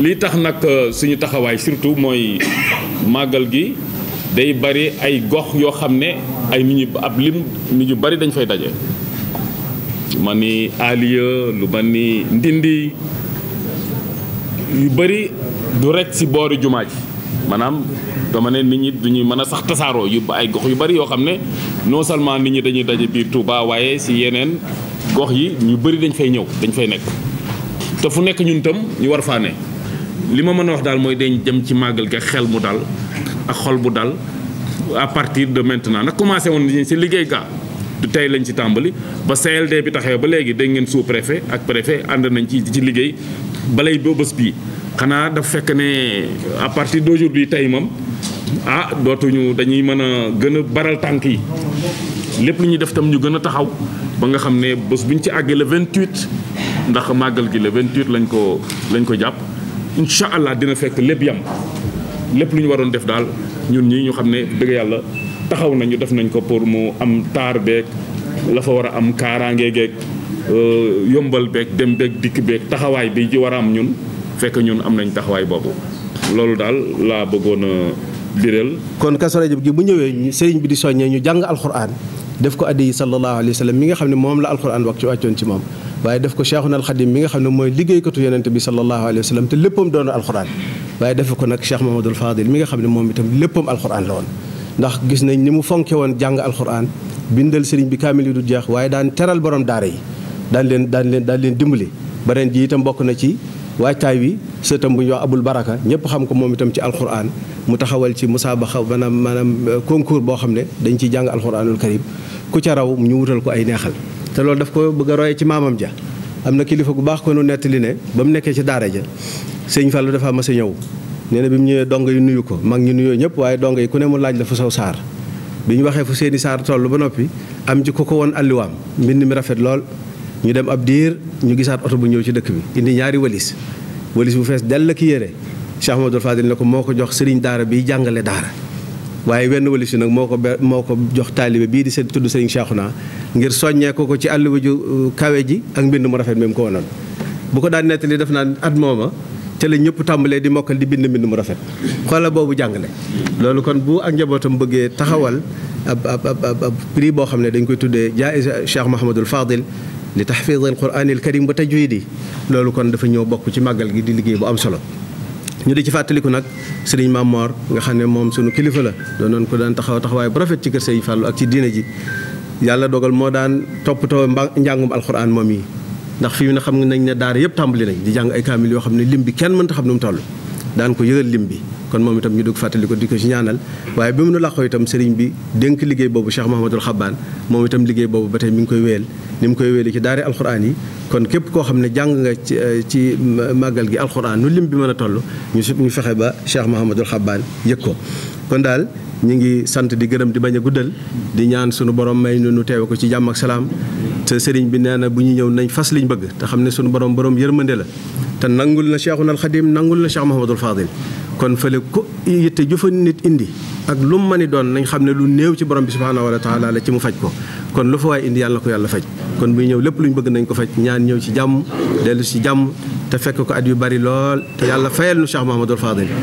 lii tax nag euh, suñu taxawaay surtout mooy màggal gi day bari ay gox yoo xam ne ay nit ñu ab lim nit ñu bari dañ fay daje. lu ni Aliya lu mel ni Ndindi yu bari du rekk ci boori jumaa ji maanaam dama ne nit ñi duñuy mën a sax tasaaroo yu ay gox yu bari yoo xam ne non seulement nit ñi dañuy daje biir Touba waaye ci yeneen gox yi ñu bari dañ fay ñëw dañ fay nekk. te fu nekk ñun tam ñu war faa ne li ma mën a wax daal mooy dañ jëm ci màggal gi xel mu dal ak xol bu dal à partir de maintenant nag commencé woon nañu si liggéey ga du tey lañ ci tàmbali ba CLD bi taxee ba léegi dégg ngeen sous préfet ak préfet ànd nañ ci ci liggéey balay boo bés bii xanaa daf fekk ne à partir d'aujourd'hui tey moom ah dootuñu dañuy mën a gën a baral tànk yi lépp lu ñuy def tam ñu gën a taxaw ba nga xam ne bés bu ci àggee le 28 ndax màggal gi le 28 lañ ko lañ ko jàpp incha allah dina fekk lépp yam lépp lu ñu waroon def daal ñun ñii ñu xam ne dëgg yàlla taxaw nañu def nañ ko pour mu am taar beeg la fa war a am kaaraange geeg euh, yombal beeg dem beeg dikk beeg taxawaay bi ji war a am ñun fekk ñun am nañ taxawaay boobu loolu daal laa bëggoon a biral kon Kazu Rajab gi bu ñëwee sëriñ bi di soññee ñu jàng alxuraan def ko addi yi sallallahu alayhi wa sallam mi nga xam ne moom la alxuraan wax ci wàccoon ci moom waaye def ko cheikhuna alxadim mi nga xam ne mooy liggéeykatu yonent bi sallallahu alayhi wa sallam te léppam doon alxuraan waaye def ko nag cheikh mahamadul fadil mi nga xam ne moom itam léppam alxuraan la woon ndax gis nañ ni mu fonke woon jàng alxuraan bindal sëriñ bi kaamil yi du jeex waaye daan teral borom daara yi daan leen daan leen daan leen dimbali ba ren bokk na ci waajtaay wi sëtam bu ñu wax abul baraka ñëpp xam ko moom itam ci alxuraan mu taxawal ci musaabaxa maanaam maanaam concours boo xam ne dañ ciy jàng alxuraanul karim ku ca raw ñu wutal ko ay neexal te loolu daf ko bëgg a ci maamam ja am na kilifa gu baax ko nu nettali ne ba mu nekkee ci daara ja sëñ Fallou dafa mas a ñëw nee bi mu ñëwee dong yi nuyu ko mag ñu nuyoo ñëpp waaye dong yi ku ne mu laaj la fu saw saar bi ñu waxee fu seeni saar toll ba noppi am ci ku ko woon alliwaam mbind mi rafet lool ñu dem ab diir ñu gisaat oto bu ñëw ci dëkk bi indi ñaari walis walis bu fees dell ki yére Cheikh Amadou Fadil ne ko moo ko jox sëriñ daara bi jàngale daara waaye wenn wali nag moo ko be moo ko jox taalibe bii di seen tudd sëriñ naa ngir soññee ko ko ci àll ju uh, kawe ji ak mbind mu rafet meem ko wonoon bu ko daan nettali def naa at mooma ca la ñëpp tàmbalee di mokkal di bind mbind mu rafet xoola boobu jàngale loolu kon bu ak njabootam bëggee taxawal ab ab ab ab prix boo xam ne dañ koy tuddee jaiz Cheikh Mahamadul Fadil li tahfiz al Qur'anil Karim ba di loolu kon dafa ñëw bokk ci màggal gi di liggéey bu am solo ñu di ci fàttaliku nag sëriñ Maam Moor nga xam ne moom sunu kilifa la doonoon ko daan taxaw taxawaay bu rafet ci kër sëriñ Fàllu ak ci diine ji yàlla dogal moo daan toppatoo njàngum alxuraan moom yi ndax fi mu ne xam nañ ne daara yëpp tàmbali nañ di jàng ay kaamil yoo xam ne lim bi kenn mënta xam nu mu toll daan ko yëgal lim bi kon moom itam ñu dugg fàttali ko di ko ci ñaanal waaye bi mu nu laqoo itam sëriñ bi dénk liggéey boobu Cheikh Mahamadul Xabbaan moom itam liggéey boobu ba tey mi ngi koy wéyal li mu koy wéeli ci daari alxuraan yi kon képp koo xam ne jàng nga ci euh, ci màggal gi alxuraan nu lim bi mën a toll ñu su ñu fexe ba Cheikh Mouhamadul Xabbaan yëg ko kon daal ñu ngi sant di gërëm di bañ a guddal di ñaan sunu borom may nu nu teewe ko ci jàmm ak salaam te sëriñ bi nee na bu ñu ñëw nañ fas liñ bëgg te xam ne sunu borom borom yërmande la te nangul na Cheikhuna al Xadim nangul na Cheikh Mouhamadul Fadil kon fële ko yitte ju fa nit indi ak lu mu mën a doon nañ xam ne lu néew ci borom bi subhaanahu wa taala la ci mu faj ko kon lu fa waay indi yàlla na ko yàlla faj kon buy ñëw lépp lu ñu bëgg nañ ko faj ñaan ñëw ci jàmm dellu ci jàmm te fekk ko at yu bari lool te yàlla fayal nu Cheikh Mouhamadoul Fadil